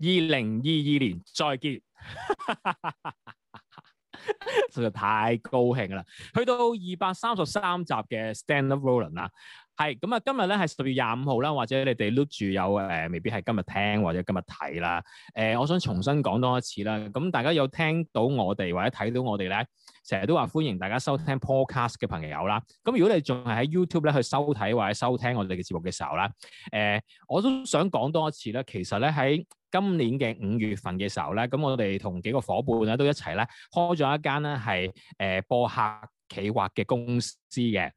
二零二二年再見， 實在太高興啦！去到二百三十三集嘅 Stand Up Rollin 啦～係咁啊！今日咧係十月廿五號啦，或者你哋碌住有誒、呃，未必係今日聽或者今日睇啦。誒、呃，我想重新講多一次啦。咁大家有聽到我哋或者睇到我哋咧，成日都話歡迎大家收聽 podcast 嘅朋友啦。咁如果你仲係喺 YouTube 咧去收睇或者收聽我哋嘅節目嘅時候啦，誒、呃，我都想講多一次咧。其實咧喺今年嘅五月份嘅時候咧，咁我哋同幾個伙伴咧都一齊咧開咗一間咧係誒播客企劃嘅公司嘅。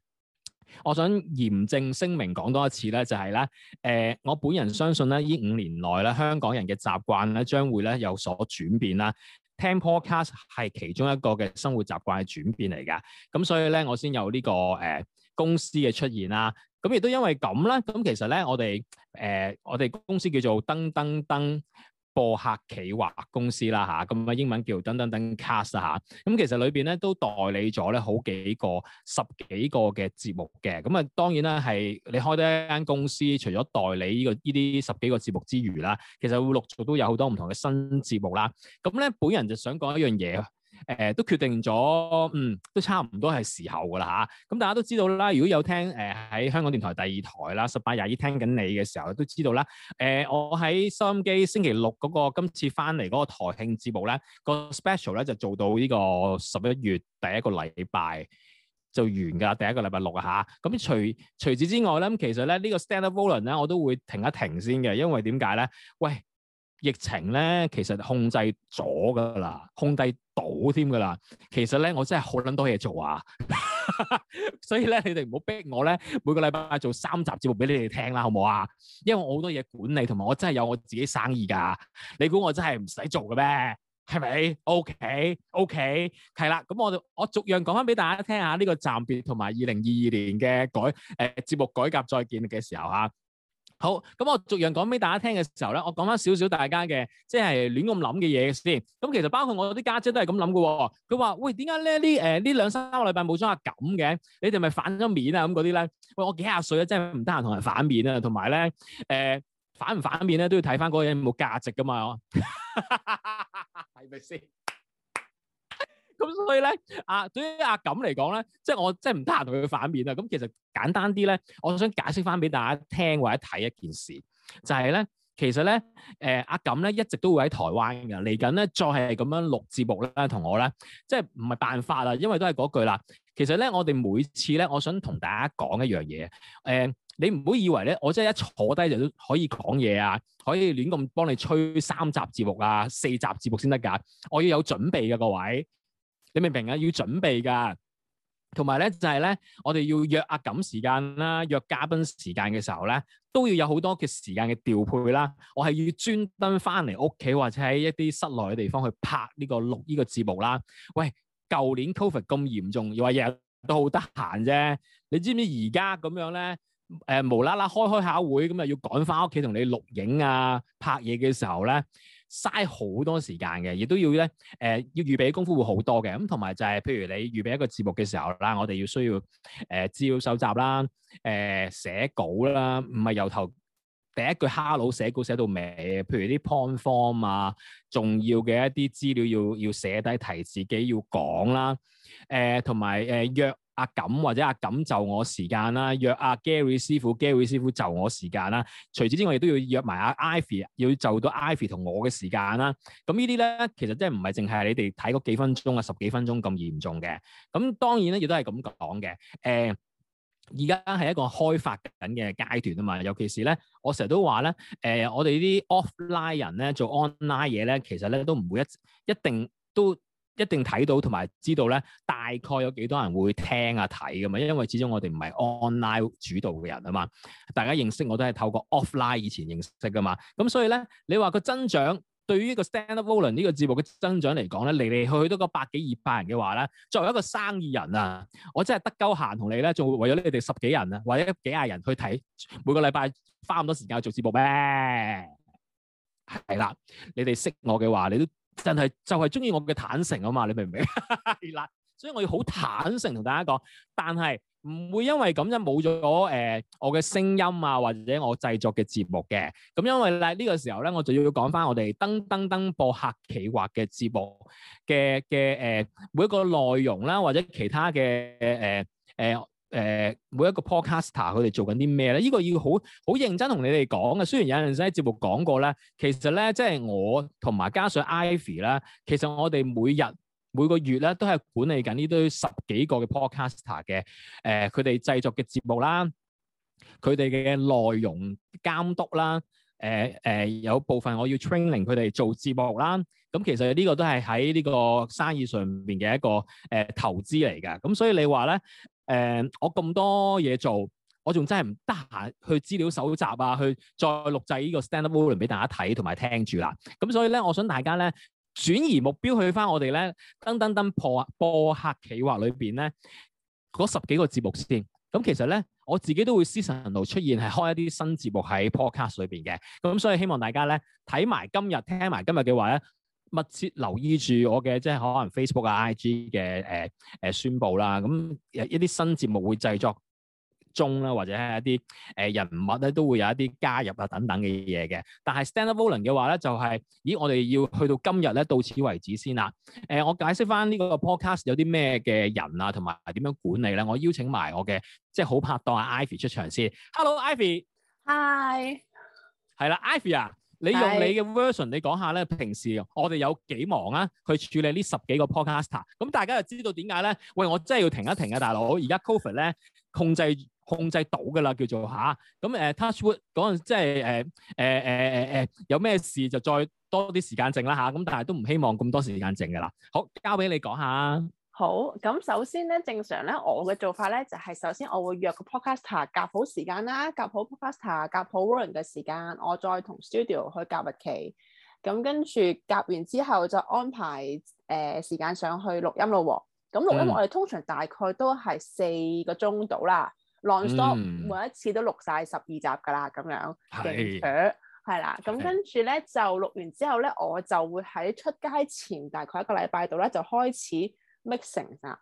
我想嚴正聲明講多一次咧，就係咧，誒，我本人相信咧，呢五年內咧，香港人嘅習慣咧，將會咧有所轉變啦。聽 Podcast 係其中一個嘅生活習慣嘅轉變嚟噶，咁所以咧，我先有呢個誒公司嘅出現啦。咁亦都因為咁啦，咁其實咧，我哋誒我哋公司叫做燈登登。播客企劃公司啦嚇，咁啊英文叫燈登登 cast 嚇，咁其實裏邊咧都代理咗咧好幾個十幾個嘅節目嘅，咁啊當然啦，係你開得一間公司，除咗代理呢、呢個呢啲十幾個節目之餘啦，其實會陸續都有好多唔同嘅新節目啦。咁咧本人就想講一樣嘢啊。誒、呃、都決定咗，嗯，都差唔多係時候㗎啦嚇。咁、啊嗯、大家都知道啦，如果有聽誒喺、呃、香港電台第二台啦十八廿二聽緊你嘅時候，都知道啦。誒、呃、我喺收音機星期六嗰、那個今次翻嚟嗰個台慶節目咧，個 special 咧就做到呢個十一月第一個禮拜就完㗎啦，第一個禮拜六啊嚇。咁、嗯、除除此之外咧，其實咧呢、這個 stand up volume 咧我都會停一停先嘅，因為點解咧？喂！疫情咧其實控制咗㗎啦，控制到添㗎啦。其實咧我真係好撚多嘢做啊， 所以咧你哋唔好逼我咧每個禮拜做三集節目俾你哋聽啦，好唔好啊？因為我好多嘢管理，同埋我真係有我自己生意㗎、啊。你估我真係唔使做嘅咩？係咪？OK OK，係啦。咁我我逐樣講翻俾大家聽下呢個暫別同埋二零二二年嘅改誒、呃、節目改革再見嘅時候嚇、啊。好，咁我逐樣講俾大家聽嘅時候咧，我講翻少少大家嘅，即係亂咁諗嘅嘢先。咁其實包括我有啲家姐都係咁諗嘅喎。佢話：喂，點解咧呢？誒呢兩三個禮拜冇裝下咁嘅，你哋咪反咗面啊？咁嗰啲咧，喂，我幾廿歲啊，真係唔得閒同人反面啊。同埋咧，誒反唔反面咧，都要睇翻嗰樣冇價值噶嘛，係咪先？ 是咁所以咧，啊，對於阿錦嚟講咧，即係我即係唔得閒同佢反面啦。咁其實簡單啲咧，我想解釋翻俾大家聽或者睇一件事，就係咧，其實咧，誒，阿錦咧一直都會喺台灣嘅嚟緊咧，再係咁樣錄節目咧，同我咧，即係唔係辦法啦，因為都係嗰句啦。其實咧，我哋每次咧，我想同大家講一樣嘢，誒，你唔好以為咧，我真係一坐低就都可以講嘢啊，可以亂咁幫你吹三集節目啊，四集節目先得㗎，我要有準備嘅各位。你明唔明啊？要準備噶，同埋咧就係咧，我哋要約阿錦時間啦，約嘉賓時間嘅時候咧，都要有好多嘅時間嘅調配啦。我係要專登翻嚟屋企或者喺一啲室內嘅地方去拍呢個錄呢個節目啦。喂，舊年 Covid 咁嚴重，又話日日都好得閒啫。你知唔知而家咁樣咧？誒，無啦啦開開下會，咁啊要趕翻屋企同你錄影啊拍嘢嘅時候咧，嘥好多時間嘅，亦都要咧，誒、呃、要預備功夫會好多嘅。咁同埋就係，譬如你預備一個節目嘅時候啦，我哋要需要誒、呃、資料搜集啦，誒、呃、寫稿啦，唔係由頭第一句 Hello 寫稿寫到尾，譬如啲 point form 啊，重要嘅一啲資料要要寫低，提自己要講啦，誒同埋誒約。阿、啊、錦或者阿、啊、錦就我時間啦、啊，約阿、啊、Gary 師傅，Gary 師傅就我時間啦、啊。除此之外，我亦都要約埋、啊、阿 Ivy，要就到 Ivy 同我嘅時間啦、啊。咁呢啲咧，其實真係唔係淨係你哋睇嗰幾分鐘啊、十幾分鐘咁嚴重嘅。咁當然咧，亦都係咁講嘅。誒、呃，而家係一個開發緊嘅階段啊嘛。尤其是咧，我成日都話咧，誒、呃，我哋呢啲 offline 人咧做 online 嘢咧，其實咧都唔會一一定都。一定睇到同埋知道咧，大概有幾多人會聽啊睇㗎嘛？因為始終我哋唔係 online 主導嘅人啊嘛。大家認識我，我都係透過 offline 以前認識噶嘛。咁所以咧，你話個增長對於個 stand up volun 呢個節目嘅增長嚟講咧，嚟嚟去去都嗰百幾二百人嘅話咧，作為一個生意人啊，我真係得鳩閒同你咧，仲會為咗你哋十幾人啊，或者幾廿人去睇每個禮拜花咁多時間做節目咩？係啦，你哋識我嘅話，你都。但係就係中意我嘅坦誠啊嘛，你明唔明？係 啦，所以我要好坦誠同大家講，但係唔會因為咁樣冇咗誒我嘅聲音啊，或者我製作嘅節目嘅，咁因為咧，呢個時候咧，我就要講翻我哋燈登登播客企劃嘅節目嘅嘅誒每一個內容啦，或者其他嘅誒誒。呃呃誒、呃、每一個 podcaster 佢哋做緊啲咩咧？呢、呢個要好好認真同你哋講嘅。雖然有陣時喺節目講過咧，其實咧即係我同埋加上 Ivy 啦，其實我哋每日每個月咧都係管理緊呢堆十幾個嘅 podcaster 嘅。誒佢哋製作嘅節目啦，佢哋嘅內容監督啦。誒、呃、誒、呃、有部分我要 training 佢哋做節目啦。咁、嗯、其實呢個都係喺呢個生意上面嘅一個誒、呃、投資嚟㗎。咁、嗯、所以你話咧？誒、嗯，我咁多嘢做，我仲真係唔得閒去資料搜集啊，去再錄製呢個 stand up volume 俾大家睇同埋聽住啦。咁所以咧，我想大家咧轉移目標去返我哋咧，登登登播播，播客企劃裏邊咧嗰十幾個節目先。咁其實咧，我自己都會思晨路出現係開一啲新節目喺 podcast 裏邊嘅。咁所以希望大家咧睇埋今日聽埋今日嘅話咧。密切留意住我嘅即係可能 Facebook 嘅、啊、IG 嘅誒誒宣佈啦，咁一啲新節目會製作中啦，或者係一啲誒、呃、人物咧都會有一啲加入啊等等嘅嘢嘅。但係 standalone 嘅話咧，就係、是、咦，我哋要去到今日咧，到此為止先啦。誒、呃，我解釋翻呢個 podcast 有啲咩嘅人啊，同埋點樣管理咧。我邀請埋我嘅即係好拍檔啊，Ivy 出場先。Hello，Ivy Hi.。Hi。係啦，Ivy 啊。你用你嘅 version，你講下咧，平時我哋有幾忙啊？去處理呢十幾個 podcaster，咁、嗯、大家就知道點解咧？喂，我真係要停一停啊，大佬！而家 COVID 咧控制控制到噶啦，叫做吓。咁、啊、誒、嗯 uh，touchwood 嗰陣即係誒、呃、誒誒、呃、誒誒、呃呃，有咩事就再多啲時間剩啦吓，咁、啊嗯、但係都唔希望咁多時間剩噶啦。好，交俾你講下。好，咁，首先咧，正常咧，我嘅做法咧就係、是、首先我會約個 podcaster 夾好時間啦，夾好 podcaster，夾好 w a r l u n 嘅時間，我再同 studio 去夾日期。咁跟住夾完之後就安排誒、呃、時間上去錄音咯、啊。咁錄音我哋通常大概都係四個鐘度啦，non-stop，、嗯、每一次都錄晒十二集㗎啦，咁樣嘅。是啦，咁跟住咧是就錄完之後咧，我就會喺出街前大概一個禮拜度咧就開始。mix 成啦，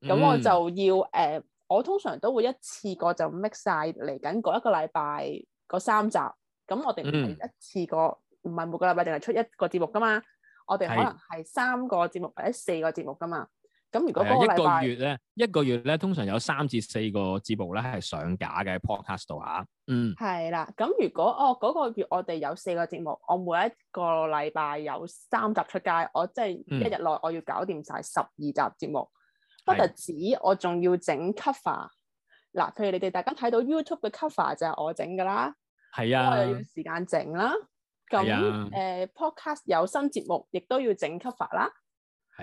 咁 Mix、嗯、我就要誒、呃，我通常都會一次過就 mix 晒嚟緊嗰一個禮拜嗰三集。咁我哋唔係一次過，唔係、嗯、每個禮拜淨係出一個節目噶嘛，我哋可能係三個節目或者四個節目噶嘛。咁如果一個月咧，一個月咧，通常有三至四個節目咧係上架嘅 podcast 度嚇，嗯，係啦。咁如果哦嗰、那個月我哋有四個節目，我每一個禮拜有三集出街，我即係一日內我要搞掂晒十二集節目，嗯、不但止，我仲要整 cover。嗱的，譬如你哋大家睇到 YouTube 嘅 cover 就係我整㗎啦，係啊的，我又要時間整啦。咁誒 podcast 有新節目，亦都要整 cover 啦。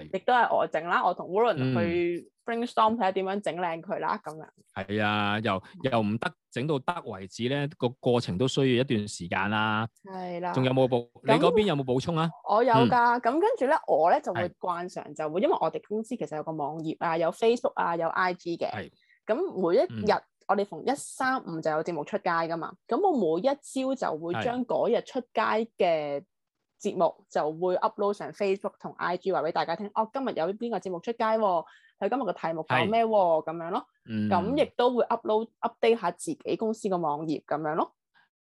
亦都係我整啦，我同 Wolun 去 brainstorm 睇下點樣整靚佢啦，咁樣。係啊，由由唔得，整到得為止咧，個過程都需要一段時間啦。係啦，仲有冇補？你嗰邊有冇補充啊？我有㗎，咁跟住咧，我咧就會慣常就會，因為我哋公司其實有個網頁啊，有 Facebook 啊，有 IG 嘅。係。咁每一日我哋逢一三五就有節目出街㗎嘛，咁我每一朝就會將嗰日出街嘅節目就會 upload 上 Facebook 同 IG 話俾大家聽，哦今日有邊個節目出街喎、哦？佢今日個題目講咩喎？咁是樣咯，咁亦、嗯、都會 upload update 下自己公司個網頁咁樣咯。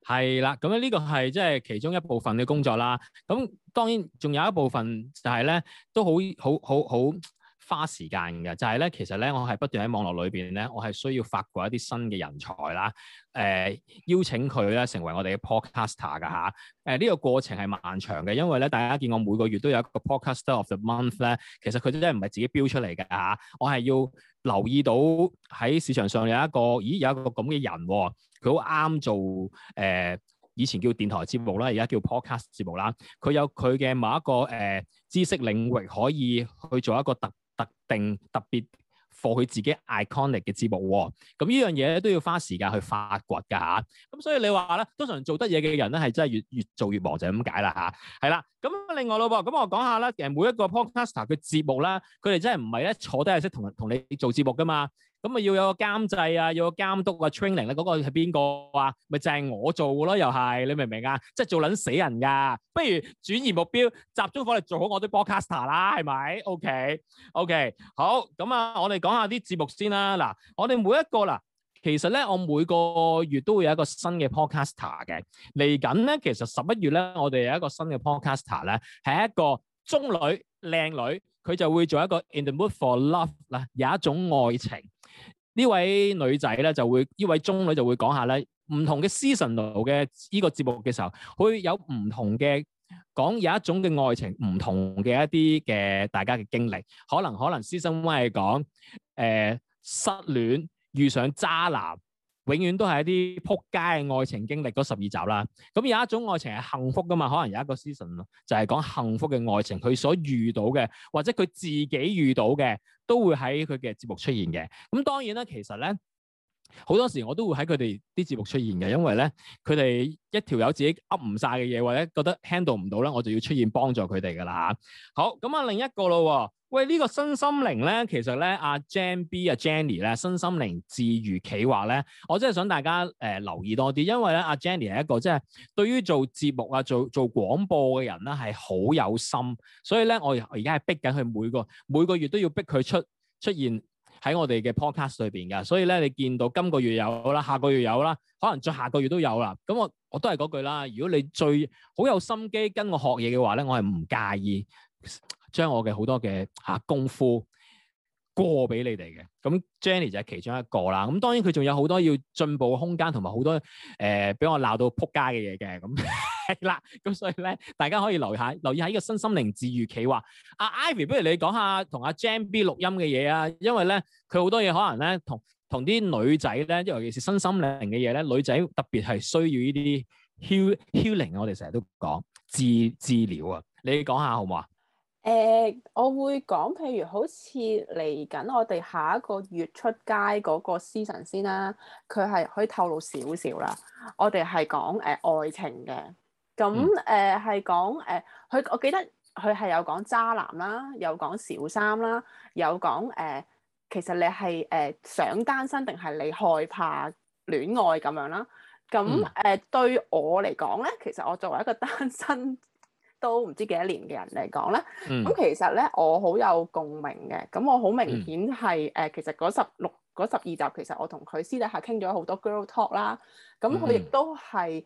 係啦，咁咧呢個係即係其中一部分嘅工作啦。咁當然仲有一部分就係咧，都好好好好。好好花時間嘅就係、是、咧，其實咧，我係不斷喺網絡裏邊咧，我係需要發掘一啲新嘅人才啦。誒、呃，邀請佢咧成為我哋嘅 podcaster 嘅嚇。誒、啊，呢、呃這個過程係漫長嘅，因為咧，大家見我每個月都有一個 podcaster of the month 咧，其實佢都真係唔係自己標出嚟嘅嚇。我係要留意到喺市場上有一個，咦，有一個咁嘅人、哦，佢好啱做誒、呃、以前叫電台節目啦，而家叫 podcast 節目啦。佢有佢嘅某一個誒、呃、知識領域可以去做一個特。特定特別放佢自己 iconic 嘅節目喎，咁、嗯、呢樣嘢咧都要花時間去發掘㗎嚇，咁、啊嗯、所以你話咧，通常做得嘢嘅人咧係真係越越做越忙就係咁解啦嚇，係、啊、啦，咁、嗯、另外咯噃，咁、嗯、我講下啦。其實每一個 podcaster 佢節目啦，佢哋真係唔係咧坐低係識同同你做節目㗎嘛。咁啊，要有個監製啊，要有監督啊，training 咧，嗰個係邊個啊？咪就係我做嘅咯，又係你明唔明啊？即係做撚死人㗎，不如轉移目標，集中火力做好我啲 podcaster 啦，係咪？OK，OK，好，咁啊，我哋講下啲節目先啦。嗱，我哋每一個啦，其實咧，我每個月都會有一個新嘅 podcaster 嘅。嚟緊咧，其實十一月咧，我哋有一個新嘅 podcaster 咧，係一個中女靚女，佢就會做一個 In the Mood for Love 啦，有一種愛情。呢位女仔咧就會，呢位中女就會講下咧，唔同嘅 seasonal 嘅呢個節目嘅時候，會有唔同嘅講有一種嘅愛情，唔同嘅一啲嘅大家嘅經歷，可能可能 season one 係講誒失戀遇上渣男。永遠都係一啲撲街嘅愛情經歷嗰十二集啦。咁有一種愛情係幸福㗎嘛，可能有一個 season 就係講幸福嘅愛情，佢所遇到嘅或者佢自己遇到嘅都會喺佢嘅節目出現嘅。咁當然啦，其實咧。好多時我都會喺佢哋啲節目出現嘅，因為咧佢哋一條友自己噏唔晒嘅嘢，或者覺得 handle 唔到咧，我就要出現幫助佢哋噶啦嚇。好咁啊，另一個咯，喂呢、這個身心靈咧，其實咧阿、啊、Jam B 啊 Jenny 咧身心靈自如企劃咧，我真係想大家誒、呃、留意多啲，因為咧阿、啊、Jenny 係一個即係、就是、對於做節目啊做做廣播嘅人咧係好有心，所以咧我而家係逼緊佢每個每個月都要逼佢出出現。喺我哋嘅 Podcast 裏邊噶，所以咧你見到今個月有啦，下個月有啦，可能再下個月都有啦。咁我我都係嗰句啦，如果你最好有心機跟我學嘢嘅話咧，我係唔介意將我嘅好多嘅嚇、啊、功夫過俾你哋嘅。咁 Jenny 就係其中一個啦。咁當然佢仲有好多要進步嘅空間，同埋好多誒俾、呃、我鬧到撲街嘅嘢嘅咁。 係啦，咁所以咧，大家可以留意下，留意下呢個新心靈治愈企劃。阿、啊、Ivy，不如你講下同阿、啊、Jam B 錄音嘅嘢啊，因為咧佢好多嘢可能咧同同啲女仔咧，尤其是新心靈嘅嘢咧，女仔特別係需要呢啲 healing，我哋成日都講治治療啊。你講下好唔好啊？誒、欸，我會講，譬如好似嚟緊我哋下一個月出街嗰個 season 先啦、啊，佢係可以透露少少啦。我哋係講誒愛情嘅。咁誒係講誒，佢、呃呃、我記得佢係有講渣男啦，有講小三啦，有講誒、呃，其實你係誒、呃、想單身定係你害怕戀愛咁樣啦。咁誒、嗯呃、對我嚟講咧，其實我作為一個單身都唔知幾多年嘅人嚟講咧，咁、嗯、其實咧我好有共鳴嘅。咁我好明顯係誒、嗯呃，其實嗰十六嗰十二集其實我同佢私底下傾咗好多 girl talk 啦。咁佢亦都係，嗯嗯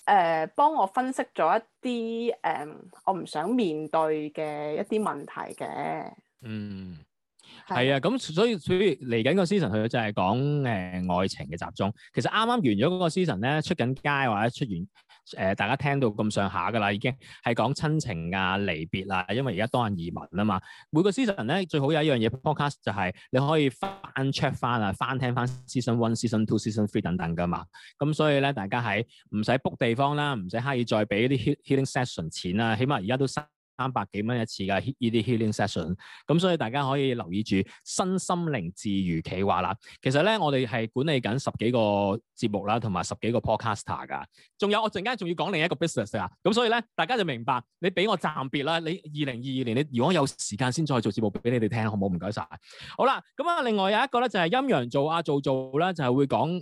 誒、呃、幫我分析咗一啲誒、呃，我唔想面對嘅一啲問題嘅。嗯，係啊的，咁所以所以嚟緊個 season 去就係講誒、呃、愛情嘅集中。其實啱啱完咗嗰個 season 咧，出緊街或者出完。誒、呃、大家聽到咁上下㗎喇，已經係講親情啊、離別啦、啊，因為而家多人移民啊嘛。每個 season 咧最好有一樣嘢 podcast 就係你可以翻 check 翻啊、翻聽翻 season one、season two、season three 等等㗎嘛。咁、嗯、所以咧，大家喺唔使 book 地方啦，唔使刻意再俾啲 healing session 錢啊，起碼而家都三百幾蚊一次嘅呢啲 healing session，咁所以大家可以留意住身心靈自如企劃啦。其實咧，我哋係管理緊十幾個節目啦，同埋十幾個 podcast 噶。仲有我陣間仲要講另一個 business 啊。咁所以咧，大家就明白，你俾我暫別啦。你二零二二年，你如果有時間先再做節目俾你哋聽，好唔好？唔該晒。好啦，咁啊，另外有一個咧就係、是、陰陽做啊，做做啦，就係、是、會講誒，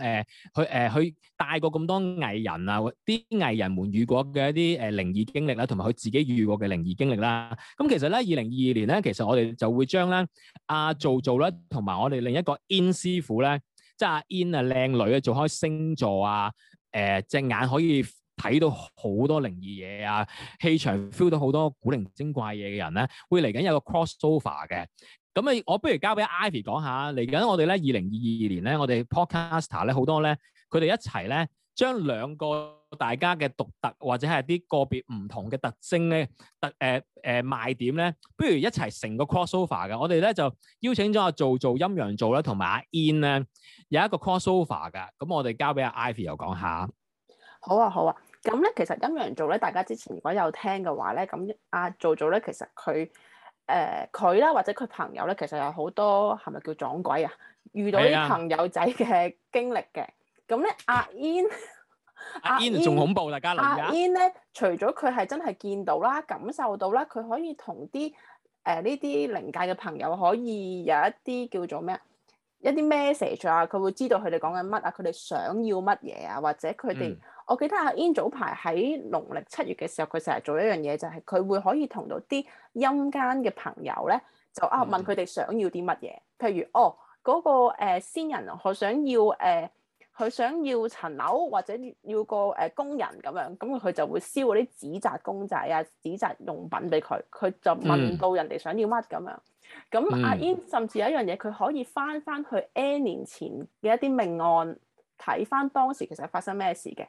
佢誒佢帶過咁多藝人啊，啲藝人們遇過嘅一啲誒、呃、靈異經歷啦，同埋佢自己遇過嘅靈異經歷。力啦，咁其實咧，二零二二年咧，其實我哋就會將咧阿做做咧，同埋我哋另一個 In 師傅咧，即係阿 In 啊靚女啊，做開星座啊，誒隻眼可以睇到好多靈異嘢啊，氣場 feel 到好多古靈精怪嘢嘅人咧，會嚟緊有個 crossover 嘅。咁啊，我不如交俾 Ivy 講下，嚟緊我哋咧二零二二年咧，我哋 podcaster 咧好多咧，佢哋一齊咧將兩個。大家嘅獨特或者係啲個別唔同嘅特徵咧，特誒誒、呃呃、賣點咧，不如一齊成個 crossover 嘅。我哋咧就邀請咗阿、啊、做做陰陽做啦，同埋阿 Ian 咧有一個 crossover 嘅。咁我哋交俾阿 Ivy 又講下。好啊，好啊。咁咧，其實陰陽做咧，大家之前如果有聽嘅話咧，咁阿、啊、做做咧，其實佢誒佢啦，或者佢朋友咧，其實有好多係咪叫撞鬼啊？遇到啲朋友仔嘅經歷嘅。咁咧、啊，阿 Ian 阿 In 仲恐怖，大家諗下。阿 In 咧，除咗佢係真係見到啦、感受到啦，佢可以同啲誒呢啲靈界嘅朋友可以有一啲叫做咩啊，一啲 message 啊，佢會知道佢哋講緊乜啊，佢哋想要乜嘢啊，或者佢哋，嗯、我記得阿 In 早排喺農曆七月嘅時候，佢成日做一樣嘢，就係、是、佢會可以同到啲陰間嘅朋友咧，就啊問佢哋想要啲乜嘢，嗯、譬如哦嗰、那個誒先、呃、人我想要誒。呃呃呃佢想要層樓或者要個誒、呃、工人咁樣，咁佢就會燒嗰啲紙紮公仔啊、紙紮用品俾佢，佢就問到人哋想要乜咁樣。咁阿 Ian 甚至有一樣嘢，佢可以翻翻去 N 年前嘅一啲命案，睇翻當時其實發生咩事嘅。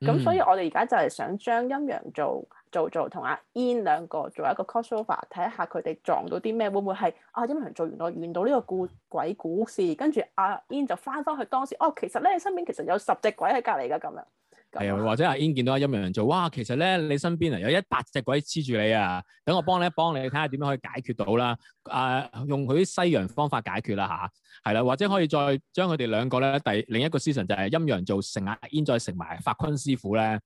咁所以我哋而家就係想將陰陽做。做做同阿 Ian 兩個做一個 crossover，睇下佢哋撞到啲咩，會唔會係啊陰陽做原來遇到呢個故鬼故事。跟住阿 Ian 就翻返去當時哦，其實咧你身邊其實有十隻鬼喺隔離㗎咁樣，樣或者阿 Ian 見到阿陰陽人做，哇其實咧你身邊啊有一百隻鬼黐住你啊，等我幫你一幫你睇下點樣可以解決到啦。啊，用佢啲西洋方法解決啦吓，係、啊、啦，或者可以再將佢哋兩個咧，第另一個思想就係陰陽做成阿煙，再食埋法昆師傅咧，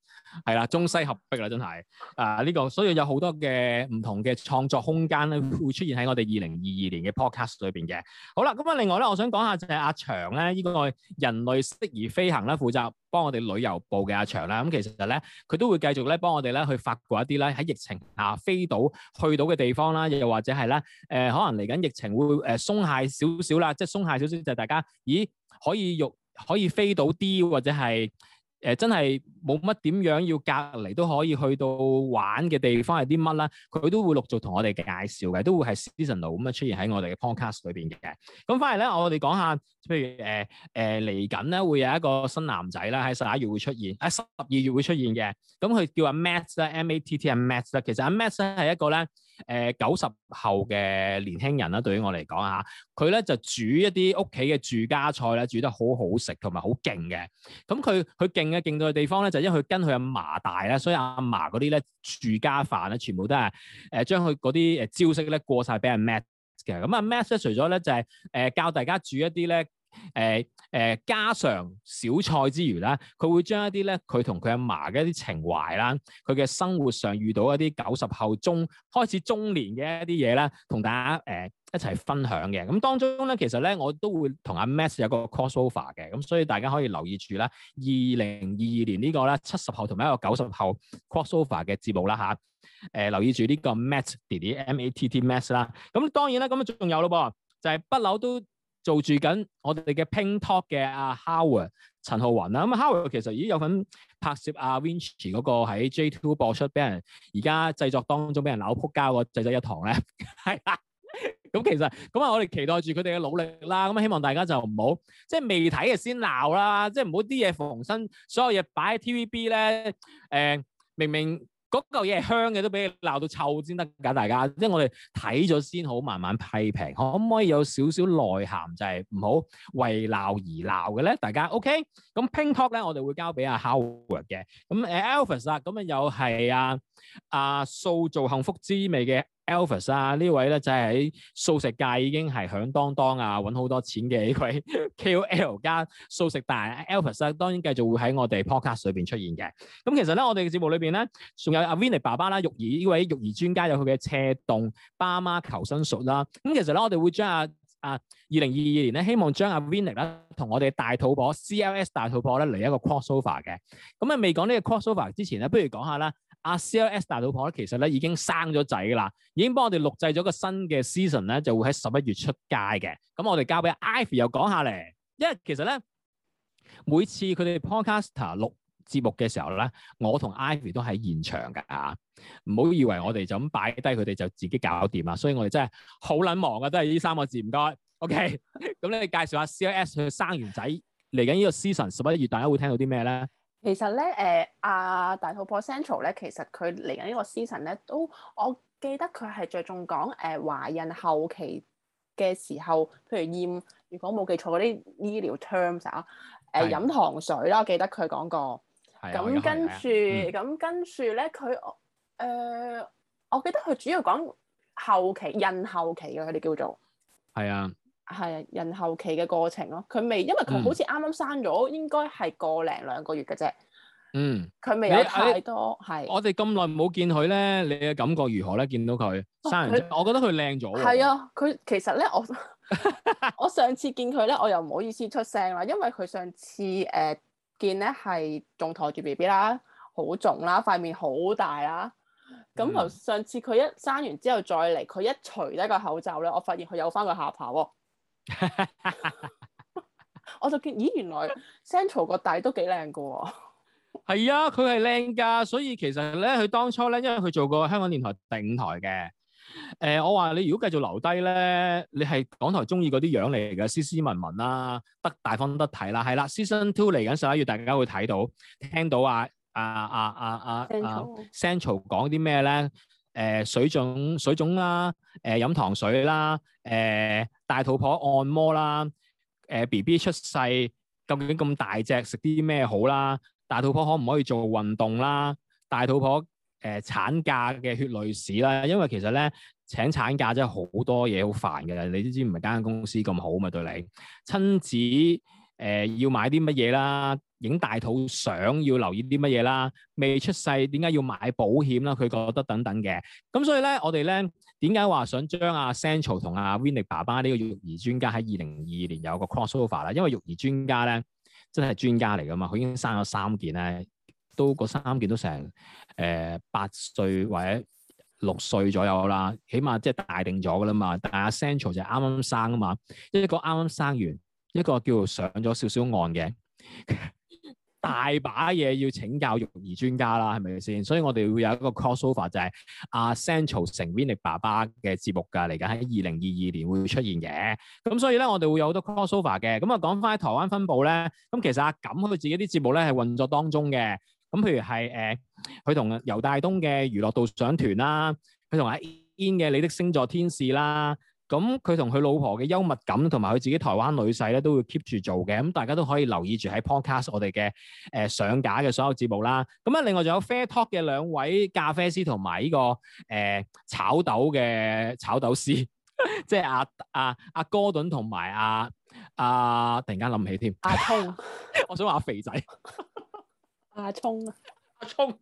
係啦，中西合璧啦，真係啊呢、這個，所以有好多嘅唔同嘅創作空間咧，會出現喺我哋二零二二年嘅 Podcast 裏邊嘅。好啦，咁啊，另外咧，我想講下就係阿長咧，呢、這個人類適宜飛行咧，負責幫我哋旅遊部嘅阿長啦。咁、嗯、其實咧，佢都會繼續咧幫我哋咧去發掘一啲咧喺疫情下飛到去到嘅地方啦，又或者係咧，誒、呃。誒可能嚟緊疫情會誒鬆懈少少啦，即係鬆懈少少就係大家，咦可以用可以飛到啲或者係誒真係冇乜點樣要隔離都可以去到玩嘅地方係啲乜啦？佢都會陸續同我哋介紹嘅，都會係 seasonal 咁樣出現喺我哋嘅 podcast 裏邊嘅。咁翻嚟咧，我哋講下譬如誒誒嚟緊咧會有一個新男仔啦，喺十一月會出現，喺十二月會出現嘅。咁佢叫阿 Matt 啦，M-A-T-T 係 Matt 啦。其實阿 Matt 咧係一個咧。誒九十後嘅年輕人啦，對於我嚟講啊，佢咧就煮一啲屋企嘅住家菜咧，煮得好好食，同埋好勁嘅。咁佢佢勁嘅勁到嘅地方咧，就是、因為佢跟佢阿嫲大啦，所以阿嫲嗰啲咧住家飯咧，全部都係誒將佢嗰啲誒招式咧過晒俾人 Matt 嘅。咁阿 Matt 咧，除咗咧就係、是、誒、呃、教大家煮一啲咧。誒誒，家常小菜之餘咧，佢會將一啲咧佢同佢阿嫲嘅一啲情懷啦，佢嘅生活上遇到一啲九十後中開始中年嘅一啲嘢咧，同大家誒一齊分享嘅。咁當中咧，其實咧我都會同阿 Matt 有個 crossover 嘅，咁所以大家可以留意住啦，二零二二年呢個咧七十後同埋一個九十後 crossover 嘅節目啦吓，誒留意住呢個 Matt 弟弟 M-A-T-T Matt 啦。咁當然啦，咁啊仲有咯噃，就係不嬲都。做住緊我哋嘅 Ping Talk 嘅阿、啊、Howard 陳浩雲啦、啊，咁啊 Howard 其實咦有份拍攝阿 Winch 嗰個喺 J2 播出俾人，俾人而家製作當中俾人扭撲交個製作一堂咧，係啦。咁其實咁啊，我哋期待住佢哋嘅努力啦。咁希望大家就唔好即係未睇就先鬧啦，即係唔好啲嘢逢新，身所有嘢擺喺 TVB 咧誒，明明。嗰嚿嘢係香嘅，都俾你鬧到臭先得㗎，大家。即係我哋睇咗先好，慢慢批評。可唔可以有少少內涵，就係唔好為鬧而鬧嘅咧？大家 OK？咁 Ping Talk 咧，我哋會交俾阿 Howard 嘅。咁誒，Alfred 啊，咁啊又係阿阿塑造幸福滋味嘅。Elvis 啊，位呢位咧就係、是、喺素食界已經係響當當啊，揾好多錢嘅呢位、這個、KOL 加素食大人 Elvis 啊，當然繼續會喺我哋 podcast 裏邊出現嘅。咁、嗯、其實咧，我哋嘅節目裏邊咧，仲有阿 Vinny 爸爸啦、啊，育兒呢位育兒專家有佢嘅斜洞爸媽求生術啦、啊。咁、嗯、其實咧，我哋會將阿阿二零二二年咧，希望將阿、啊、Vinny 啦同我哋大肚婆、CLS 大肚婆咧嚟一個 crossover 嘅。咁、嗯、啊，未講呢個 crossover 之前咧，不如講下啦。阿、啊、CLS 大肚婆咧，其實咧已經生咗仔啦，已經幫我哋錄製咗個新嘅 season 咧，就會喺十一月出街嘅。咁我哋交俾 Ivy 又講下咧，因為其實咧每次佢哋 podcaster 錄節目嘅時候咧，我同 Ivy 都喺現場㗎嚇，唔、啊、好以為我哋就咁擺低佢哋就自己搞掂啊！所以我哋真係好撚忙噶，都係呢三個字。唔該，OK。咁你介紹下 CLS 佢生完仔嚟緊呢個 season 十一月，大家會聽到啲咩咧？其實咧，誒、呃、阿大肚婆 Central 咧，其實佢嚟緊呢個 season 咧，都我記得佢係着重講誒懷孕後期嘅時候，譬如驗，如果冇記錯嗰啲醫療 terms 啊，誒、呃、飲糖水啦，我記得佢講過。係啊。咁跟住，咁、嗯、跟住咧，佢誒、呃，我記得佢主要講後期，孕後期嘅，佢哋叫做。係啊。係人後期嘅過程咯，佢未因為佢好似啱啱生咗，嗯、應該係過零兩個月嘅啫。嗯，佢未有太多係。我哋咁耐冇見佢咧，你嘅是感覺如何咧？見到佢、哦、生完它，我覺得佢靚咗。係啊，佢其實咧，我 我上次見佢咧，我又唔好意思出聲啦，因為佢上次誒、呃、見咧係仲抬住 B B 啦，好重啦，塊面好大啦。咁頭上次佢一生完之後再嚟，佢一除低個口罩咧，我發現佢有翻個下巴喎。我就見，咦，原來 Central 個底都幾靚噶喎。係啊，佢係靚噶，所以其實咧，佢當初咧，因為佢做過香港電台第五台嘅。誒,我話你如果繼續留低咧，你係港台中意嗰啲樣嚟嘅，斯斯文文啦，得大方得體啦，係啦。Season Two 嚟緊十一月，大家會睇到，聽到啊啊啊啊啊，Central 講啲咩咧？誒、呃、水腫水腫啦，誒、呃、飲糖水啦，誒、呃、大肚婆按摩啦，誒 B B 出世究竟咁大隻食啲咩好啦，大肚婆可唔可以做運動啦，大肚婆誒、呃、產假嘅血淚史啦，因為其實咧，請產假真係好多嘢好煩㗎喇，你都知唔係間間公司咁好嘛，對你親子。誒、呃、要買啲乜嘢啦，影大肚相要留意啲乜嘢啦，未出世點解要買保險啦？佢覺得等等嘅，咁所以咧，我哋咧點解話想將阿、啊、Central 同阿、啊、Winnie 爸爸呢個育兒專家喺二零二二年有個 crossover 啦，因為育兒專家咧真係專家嚟㗎嘛，佢已經生咗三件咧，都嗰三件都成誒八歲或者六歲左右啦，起碼即係大定咗㗎啦嘛，但阿、啊、Central 就係啱啱生啊嘛，即一個啱啱生完。一個叫上咗少少岸嘅，大把嘢要請教育兒專家啦，係咪先？所以我哋會有一個 crossover 就係阿 Central 成 Vinny 爸爸嘅節目㗎嚟緊，喺二零二二年會出現嘅。咁所以咧，我哋會有好多 crossover 嘅。咁啊，講翻台灣分佈咧，咁其實阿錦佢自己啲節目咧係運作當中嘅。咁譬如係誒，佢同尤大東嘅娛樂導賞團啦，佢同阿 Ian 嘅你的星座天使啦。咁佢同佢老婆嘅幽默感，同埋佢自己台灣女婿咧，都會 keep 住做嘅。咁、嗯、大家都可以留意住喺 podcast 我哋嘅誒上架嘅所有節目啦。咁、嗯、啊，另外仲有 fair talk 嘅兩位咖啡師同埋呢個誒、呃、炒豆嘅炒豆師， 即係阿阿阿哥頓同埋阿阿，突然間諗唔起添。阿聰， 我想話阿、啊、肥仔。阿聰啊，阿聰。阿聰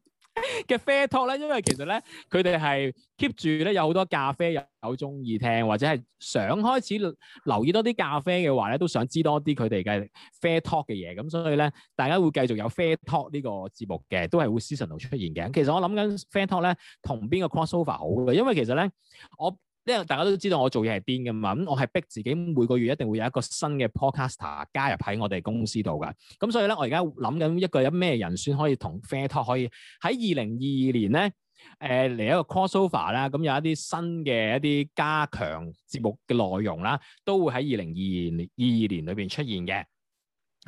嘅啡 talk 咧，因為其實咧佢哋係 keep 住咧有好多咖啡友中意聽，或者係想開始留意多啲咖啡嘅話咧，都想知多啲佢哋嘅啡 talk 嘅嘢，咁所以咧大家會繼續有啡 talk 呢個節目嘅，都係會時度出現嘅。其實我諗緊啡 talk 咧同邊個 crossover 好嘅，因為其實咧我。因為大家都知道我做嘢係癲嘅嘛，咁我係逼自己每個月一定會有一個新嘅 Podcaster 加入喺我哋公司度嘅，咁所以咧我而家諗緊一個有咩人選可以同 Fair Talk 可以喺二零二二年咧，誒、呃、嚟一個 crossover 啦，咁、嗯、有一啲新嘅一啲加強節目嘅內容啦，都會喺二零二二二二年裏邊出現嘅。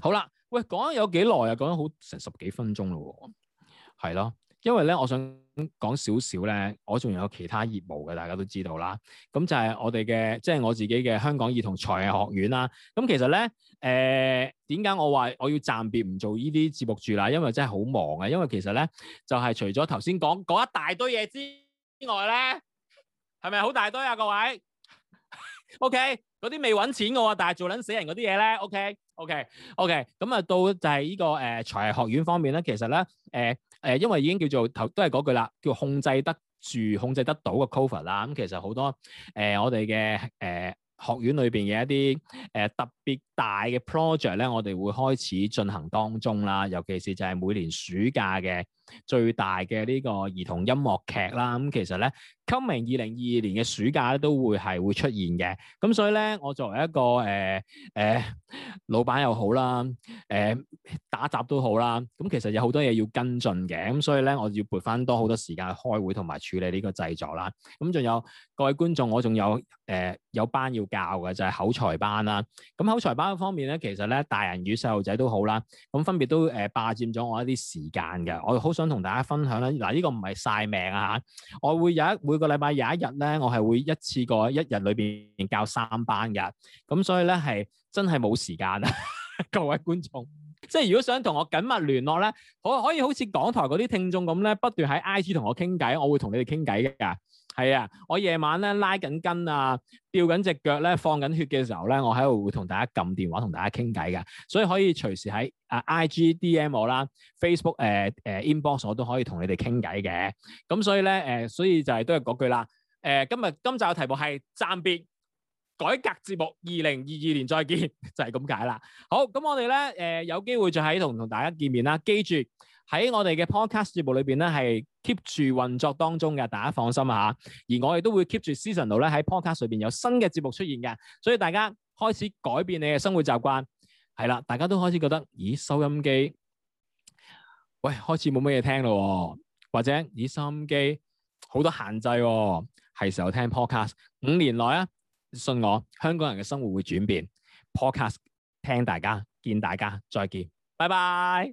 好啦，喂，講咗有幾耐啊？講咗好成十幾分鐘咯喎，係咯。因為咧，我想講少少咧，我仲有其他業務嘅，大家都知道啦。咁就係我哋嘅，即係我自己嘅香港兒童財藝學院啦。咁其實咧，誒點解我話我要暫別唔做呢啲節目住啦？因為真係好忙啊。因為其實咧，就係除咗頭先講講一大堆嘢之之外咧，係咪好大堆啊？各位 ，OK，嗰啲未揾錢嘅喎，但係做撚死人嗰啲嘢咧，OK，OK，OK。咁啊，到就係呢個誒財藝學院方面咧，其實咧，誒。誒，因為已經叫做頭，都係嗰句啦，叫控制得住、控制得到嘅 COVID 啦。咁、嗯、其實好多誒、呃，我哋嘅誒學院裏邊嘅一啲誒、呃、特別大嘅 project 咧，我哋會開始進行當中啦。尤其是就係每年暑假嘅，最大嘅呢個兒童音樂劇啦，咁其實咧 coming 二零二二年嘅暑假咧都會係會出現嘅，咁所以咧我作為一個誒誒、呃呃、老闆又好啦，誒、呃、打雜都好啦，咁、嗯、其實有好多嘢要跟進嘅，咁所以咧我要撥翻多好多時間去開會同埋處理呢個製作啦，咁、嗯、仲有各位觀眾，我仲有誒、呃、有班要教嘅就係、是、口才班啦，咁口才班方面咧，其實咧大人與細路仔都好啦，咁分別都誒、呃、霸佔咗我一啲時間嘅，我好想同大家分享咧，嗱、這、呢個唔係晒命啊嚇！我會有一每個禮拜有一日咧，我係會一次過一日裏邊教三班嘅，咁所以咧係真係冇時間啊， 各位觀眾。即係如果想同我緊密聯絡咧，可可以好似港台嗰啲聽眾咁咧，不斷喺 IG 同我傾偈，我會同你哋傾偈嘅。係啊，我夜晚咧拉緊筋啊，吊緊隻腳咧放緊血嘅時候咧，我喺度會同大家撳電話同大家傾偈嘅，所以可以隨時喺啊 I G D M 我啦，Facebook 誒、呃、誒、呃、inbox 我都可以同你哋傾偈嘅，咁所以咧誒、呃，所以就係都係嗰句啦，誒、呃、今日今集嘅題目係暫別改革節目，二零二二年再見 就係咁解啦。好，咁我哋咧誒有機會再喺度同同大家見面啦，記住。喺我哋嘅 podcast 節目裏邊咧，係 keep 住運作當中嘅，大家放心啊吓。而我亦都會 keep 住 season 度咧，喺 podcast 裏邊有新嘅節目出現嘅，所以大家開始改變你嘅生活習慣係啦。大家都開始覺得，咦，收音機喂，開始冇乜嘢聽咯，或者咦，收音機好多限制，啊，係時候聽 podcast。五年內啊，信我，香港人嘅生活會轉變。podcast 聽大家見大家再見，拜拜。